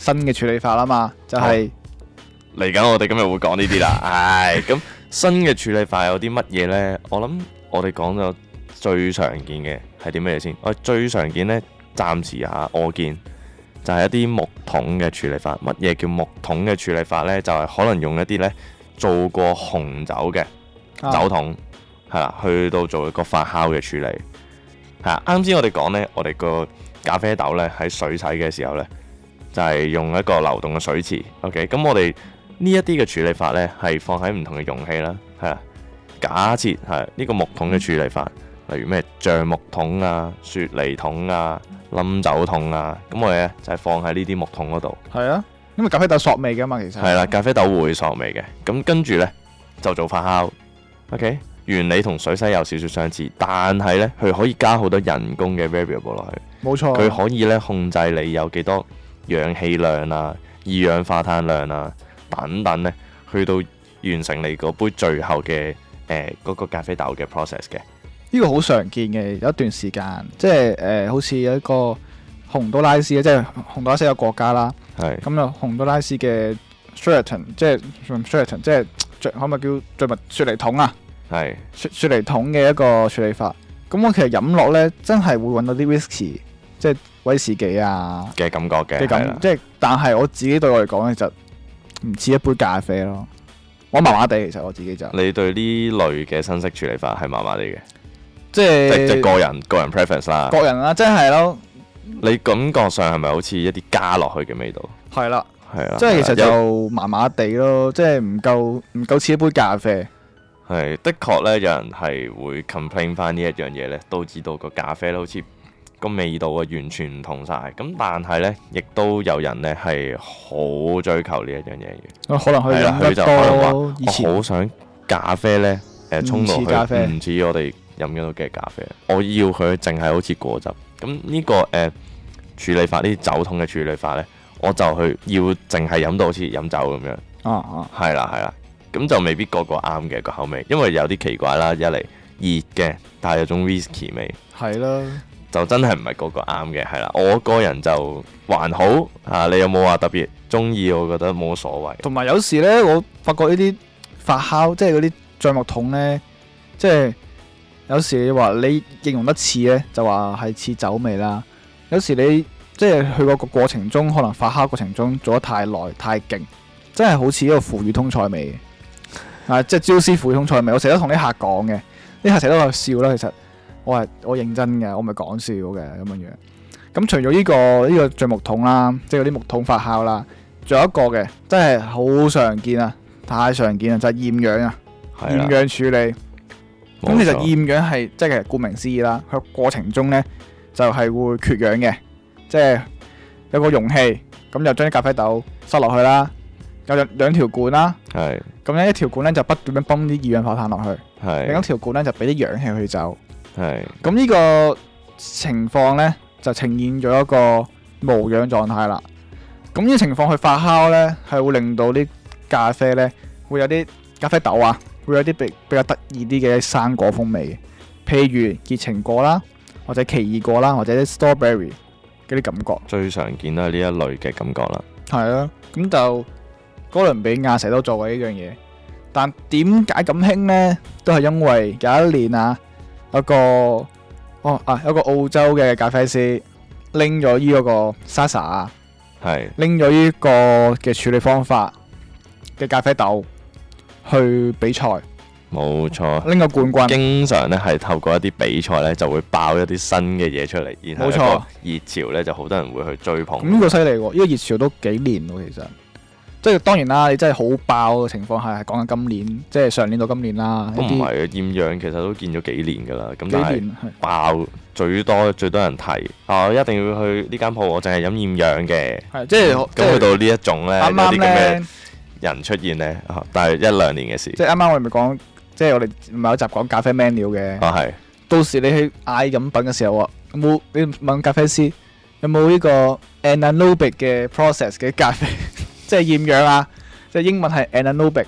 新嘅處理法啊嘛，就係嚟緊。我哋今日會講呢啲啦。唉、 哎，咁新嘅處理法有啲乜嘢呢？我諗我哋講咗最常見嘅係啲乜嘢先？我最常見呢？暫時下、啊、我見就係一啲木桶嘅處理法。乜嘢叫木桶嘅處理法呢？就係、是、可能用一啲呢，做過紅酒嘅酒桶，係啦、啊，去到做一個發酵嘅處理。係啱先我哋講呢，我哋個咖啡豆呢，喺水洗嘅時候呢。就係用一個流動嘅水池，OK，咁我哋呢一啲嘅處理法呢，係放喺唔同嘅容器啦，係啊。假設係呢、呢個木桶嘅處理法，嗯、例如咩橡木桶啊、雪梨桶啊、冧酒桶啊，咁我哋呢，就係放喺呢啲木桶嗰度。係啊，因為咖啡豆索味嘅嘛，其實係啦，咖啡豆會索味嘅。咁跟住呢，就做發酵，OK，原理同水洗有少少相似，但係呢，佢可以加好多人工嘅 variable 落去，冇錯，佢可以呢控制你有幾多。氧氣量啊、二氧化碳量啊等等咧，去到完成你嗰杯最後嘅誒嗰咖啡豆嘅 process 嘅。呢個好常見嘅，有一段時間即係誒、呃，好似一個洪都拉斯咧，即係洪都拉斯一個國家啦。係是。咁啊、嗯，洪都拉斯嘅 sheraton，即係 sheraton，即係可唔可以叫最埋雪梨桶啊？係是。雪雪梨桶嘅一個處理法。咁我其實飲落咧，真係會揾到啲 whisky，即係。威士忌啊嘅感覺嘅，的即係但係我自己對我嚟講，其實唔似一杯咖啡咯，我麻麻地其實我自己就是、你對呢類嘅新式處理法係麻麻地嘅，即係是即個人個人 preference 啦，個人啦，即係、啊、咯，你感覺上係咪好似一啲加落去嘅味道？係啦，係啦，即係其實就麻麻地咯，有即係唔夠唔夠似一杯咖啡。係的確咧，有人係會 complain 翻呢一樣嘢咧，都知道個咖啡好似。個味道啊，完全唔同晒，咁但係呢，亦都有人呢係好追求呢一樣嘢。啊，可能佢飲得多咯。我好想咖啡呢，誒，沖落去唔似我哋飲咗嘅咖啡。我要佢淨係好似果汁。咁呢個誒處理法，呢啲酒桶嘅處理法呢，我就去要淨係飲到好似飲酒咁樣。哦係啦係啦。咁就未必個個啱嘅個口味，因為有啲奇怪啦。一嚟熱嘅，但係有種 whisky 味。係啦。就真係唔係個個啱嘅，係啦，我個人就還好嚇、啊。你有冇話特別中意？我覺得冇所謂。同埋有時呢，我發覺呢啲發酵，即係嗰啲橡木桶呢，即係有時你話你形容得似呢，就話係似酒味啦。有時你即係去嗰個過程中，可能發酵過程中做得太耐太勁，真係好似一個腐乳通菜味啊，即係椒絲腐乳通菜味。我成日都同啲客講嘅，啲客成日都喺度笑啦，其實。我係我認真嘅，我唔係講笑嘅咁樣樣。咁除咗呢個呢個橡木桶啦，即係啲木桶發酵啦，仲有一個嘅，真係好常見啊，太常見啦，就係厭氧啊，厭氧處理。咁其實厭氧係即係其實顧名思義啦，佢過程中咧就係會缺氧嘅，即係有個容器，咁就將啲咖啡豆塞落去啦，有兩兩條管啦，係，咁咧一條管咧就不斷咁泵啲二氧化碳落去，係，另一條管咧就俾啲氧氣去走。係，咁呢個情況咧就呈現咗一個無氧狀態啦。咁呢個情況去發酵咧，係會令到啲咖啡咧會有啲咖啡豆啊，會有啲比比較得意啲嘅生果風味嘅，譬如熱情果啦，或者奇異果啦，或者 strawberry 嗰啲感覺。最常見都係呢一類嘅感覺啦。係啊，咁就哥倫比亞成日都做過呢樣嘢，但點解咁興咧？都係因為有一年啊。一個哦啊，一個澳洲嘅咖啡師拎咗依嗰個 Sasa 拎咗依個嘅處理方法嘅咖啡豆去比賽，冇錯錯，拎個冠軍。經常咧係透過一啲比賽咧就會爆一啲新嘅嘢出嚟，然後一個熱潮咧錯就好多人會去追捧。咁個犀利喎，依個熱潮都幾年咯，其實。即係當然啦，你真係好爆嘅情況下係講緊今年，即係上年到今年啦。都唔係啊，厭氧其實都見咗幾年噶啦，咁都係爆最多最多人提啊！一定要去呢間鋪，我淨係飲厭氧嘅，即係咁去到呢一種咧啱啱咧人出現咧啊！但係一兩年嘅事，即係啱啱我哋咪講，即係我哋唔係有集講咖啡 menu 嘅啊，係到時你去嗌飲品嘅時候喎，有冇你問咖啡師有冇呢個 anaerobic 嘅 process 嘅咖啡？即係厭氧啊！即係英文係 anaerobic，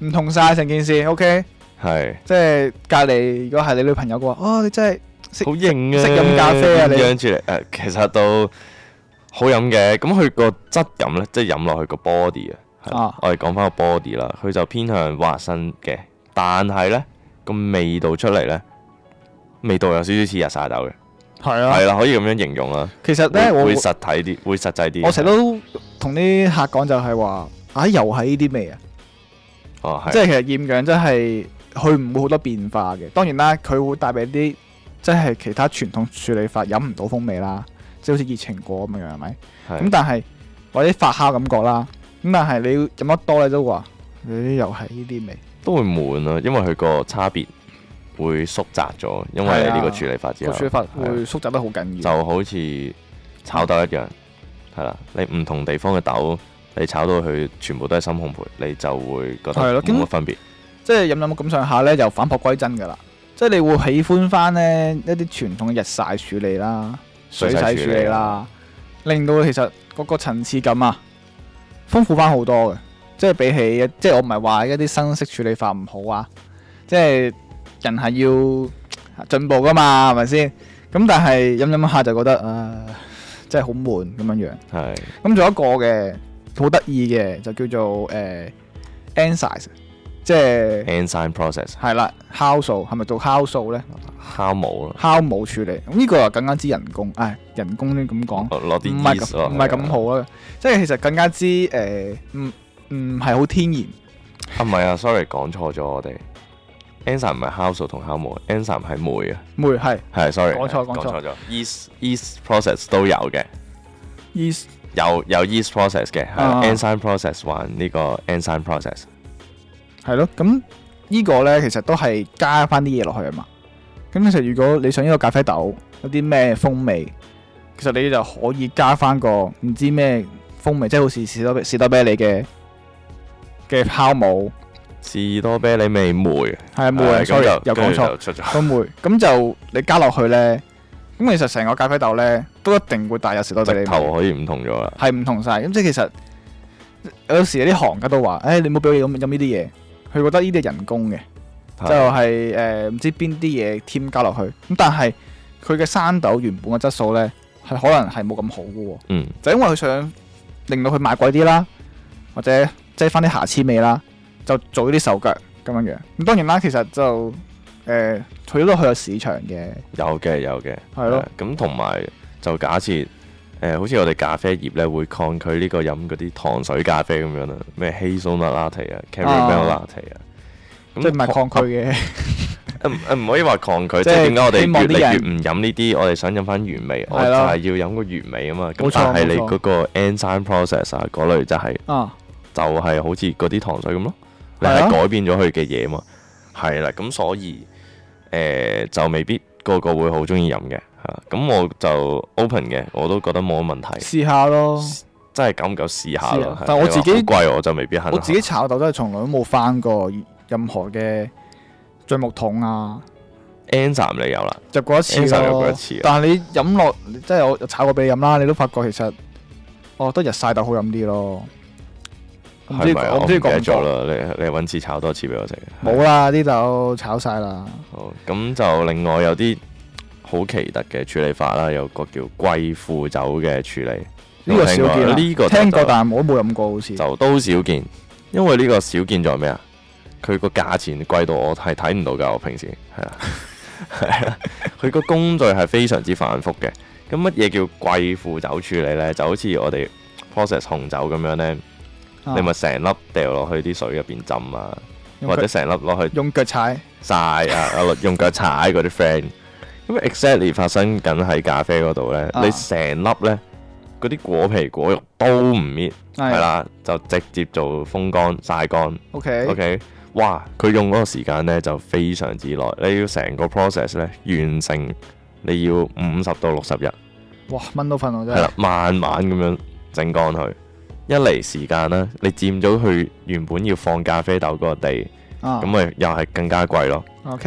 唔同晒成件事。OK，係即係隔籬。如果係你女朋友嘅話，哦，你真係好型啊！識飲咖啡啊，你氧出嚟誒，其實都好飲嘅。咁佢個質感咧，即係飲落去個 body 啊。我哋講返個 body 啦，佢就偏向滑身嘅，但係咧個味道出嚟咧，味道有少少似日曬豆嘅。係啊，係啦，可以咁樣形容啊。其實咧會,我會實體啲，會實際啲。我成日都同啲客講就係、是、話，啊，又係呢啲味啊。哦，即係其實厭氧真係佢唔會好多變化嘅。當然啦，佢會帶俾啲即係其他傳統處理法飲唔到風味啦，即係好似熱情果咁樣係咪？咁的、嗯、但係或者發酵感覺啦。咁但係你飲得多咧都話，誒，又係呢啲味。都會悶、哎、啊，因為佢個差別。會縮窄咗，因為你呢個處理法之後，個處理法會縮窄得好緊要，啊。就好似炒豆一樣，係啦、嗯，你唔同地方嘅豆，你炒到佢全部都係深烘焙，你就會覺得冇的跟分別。即係飲飲咁上下咧，就反璞歸真噶啦。即係你會喜歡翻呢一啲傳統嘅日曬處理啦、水洗處理啦，嗯、令到其實，那個個層次感啊豐富翻好多嘅。即係比起，即係我唔係話一啲新式處理法唔好啊，即係。人係要進步噶嘛，係咪先？咁但係飲飲下就覺得啊，真係好悶咁樣樣。係。咁仲有一個嘅好得意嘅，就叫做誒 enzyme 即係 enzyme process。係啦，酵素係咪做酵素咧？酵母咯。酵母處理，咁呢個又更加之人工。唉，人工先咁講，唔係唔係咁好啦。即係其實更加之誒，唔唔係好天然。係咪啊，sorry，講錯咗我哋。Enzyme 唔係酵素同酵母 Enzyme 係酶啊。酶係係，sorry，講錯講錯咗。Ease，ease，process 都有嘅。Ease 有有 ease，process 嘅係 enzyme process 玩呢個 enzyme process 係咯，咁呢個咧，其實都係加翻啲嘢落去啊嘛。咁其實如果你想呢個咖啡豆有啲咩風味，其實你就可以加翻個唔知咩風味，即係好似士多士多啤梨嘅嘅酵母。士多啤梨味梅，係啊，梅，sorry，又講錯，咁梅，咁就你加落去咧，咁其實成個咖啡豆咧都一定會帶有士多啤梨味頭可以唔同咗啦，係唔同晒，咁即係其實有時有啲行家都話，誒、哎，你唔好俾咁飲呢啲嘢，佢覺得呢啲係人工嘅，的就係誒唔知邊啲嘢添加落去，咁但係佢嘅生豆原本嘅質素咧係可能係冇咁好嘅，嗯，就因為佢想令到佢賣貴啲啦，或者擠翻啲瑕疵味啦。就做呢啲手腳咁樣嘅，咁當然啦。其實就除咗都去有市場嘅。有嘅，有嘅，係咯。咁同埋就假設誒，好似我哋咖啡業咧，會抗拒呢個飲嗰啲糖水咖啡咁樣啦，咩 Hazelnut Latte 啊、Caramel Latte 啊，咁即唔係抗拒嘅？唔可以話抗拒，即係點解我哋越嚟越唔飲呢啲？我哋想飲翻原味，我係要飲個原味啊嘛。咁但係你嗰個 enzyme process 啊嗰類就係，就係好似嗰啲糖水咁咯。你改變咗佢嘅嘢嘛？係啦，咁所以誒、呃、就未必個個會好中意飲嘅嚇。咁我就 open 嘅，我都覺得冇乜問題。試下咯，真係夠唔夠試下咯？下的但係我自己貴我就未必肯。我自己炒豆真係從來都冇翻過任何嘅橡木桶啊。N 站你有啦，入過一次咯。但係你飲落，即係我炒過俾你飲啦，你都發覺其實我覺得日晒豆好飲啲咯。唔知唔解咗啦，你你揾次炒多次俾我食。冇啦了，呢度是炒晒啦。好，咁就另外有啲好奇特嘅處理法啦，有個叫貴腐酒嘅處理。呢個少見，啊，呢個聽過，但係我都冇飲過，好似就都少見。因為呢個少見在咩啊？佢個價錢貴我到我係睇唔到噶。我平時係啊，佢個 工序係非常之繁複嘅。咁乜嘢叫貴腐酒處理呢？就好似我哋 process 紅酒咁樣呢。你咪成粒掉落去啲水入邊浸啊，鞋或者成粒落去用腳踩晒啊， 用腳踩嗰啲 friend。咁 exactly 發生緊喺咖啡嗰度咧，啊、你成粒咧嗰啲果皮果肉都唔搣，係啦，就直接做風乾晒乾。OK OK，哇！佢用嗰個時間咧就非常之耐，你要成個 process 咧完成，你要五十到六十日。哇！蚊都瞓，係啦，慢慢咁樣整乾佢。一嚟時間啦，你佔咗佢原本要放咖啡豆嗰個地，咁咪又係更加貴咯。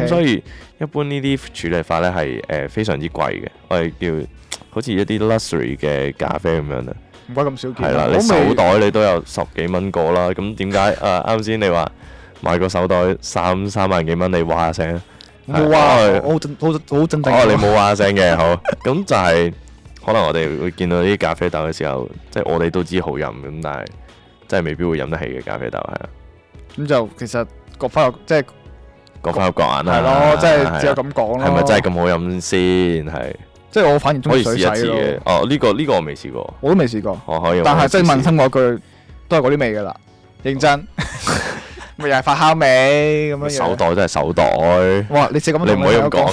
所以一般呢啲處理法呢係誒非常之貴嘅，我哋叫好似一啲 luxury 嘅咖啡咁樣啦。唔怪咁少見，係啦，你手袋你都有十幾蚊個啦。咁點解？誒啱先你話買個手袋三三萬幾蚊，你話聲冇話，好好好哦，你冇話聲嘅好，咁就係。可能我哋會見到啲咖啡豆嘅時候，即係我哋都知好飲咁，但係真係未必會飲得起嘅咖啡豆係啊。咁就其實各花即係各花入各眼啦，係咯，即係只有咁講咯。係咪真係咁好飲先？係即係我反而中意試一次嘅。哦，呢個呢個我未試過，我都未試過。我可以，但係即係問心嗰句，都係嗰啲味噶啦，認真咪又係發酵味咁樣。手袋真係手袋。哇！你咁，你唔可以咁講。